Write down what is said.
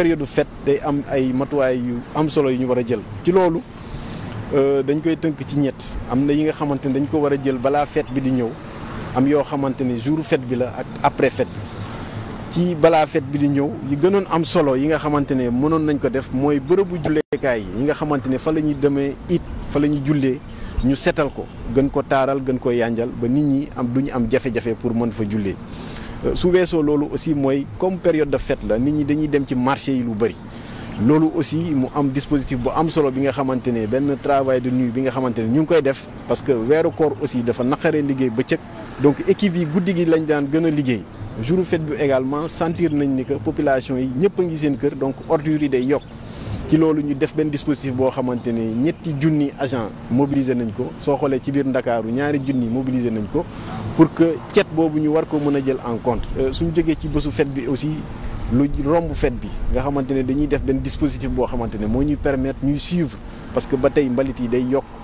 période fête day am ay matuwaay yu am solo yu ñu war a jël ci loolu euh, dañ koy tënk ci ñett am na yi nga xamante ni dañ ko war a jël balaa fête bi di ñëw am yoo xamante ni jour fête bi la ak après fête ci balaa bi di ñëw yi gënoon am solo yi nga xamante ne mënoon nañ ko def mooy bërëbu julleekaay yi nga xamante ne fa la ñuy demee it fa la ñuy jullee ñu setal ko gën ko taaral gën ko yanjal ba nit ñi am du ñu am jafe-jafe pour mën fa jullee Euh, su weesoo loolu aussi mooy comme période de fête la nit ñi dañuy dem ci marché yi lu bëri loolu aussi mu am dispositif bu am solo bi nga xamante ne benn travail de nuit bi nga xamante ne ñu ngi koy def parce que weeru koor aussi dafa naqaree liggéey bëccëg donc équipe yi guddi gi lañ daan gën a liggéey jouru fête bi également sentir nañ ni que population yi ñëpp a ngi seen kër donc ordure yi day yokk ci loolu ñu def benn dispositif boo xamante ne ñetti junni agent mobilisé nañ ko soo xoolee ci biir ndakaaru ñaari junni mobilisé nañ ko pour que cet boobu ñu war ko mën a jël en compte euh, suñu jógee ci bésu fête bi aussi lu romb fête bi nga xamante ne dañuy def benn dispositif boo xamante ne moo ñuy permettre ñuy suivre parce que ba tey mbalit yi day yokk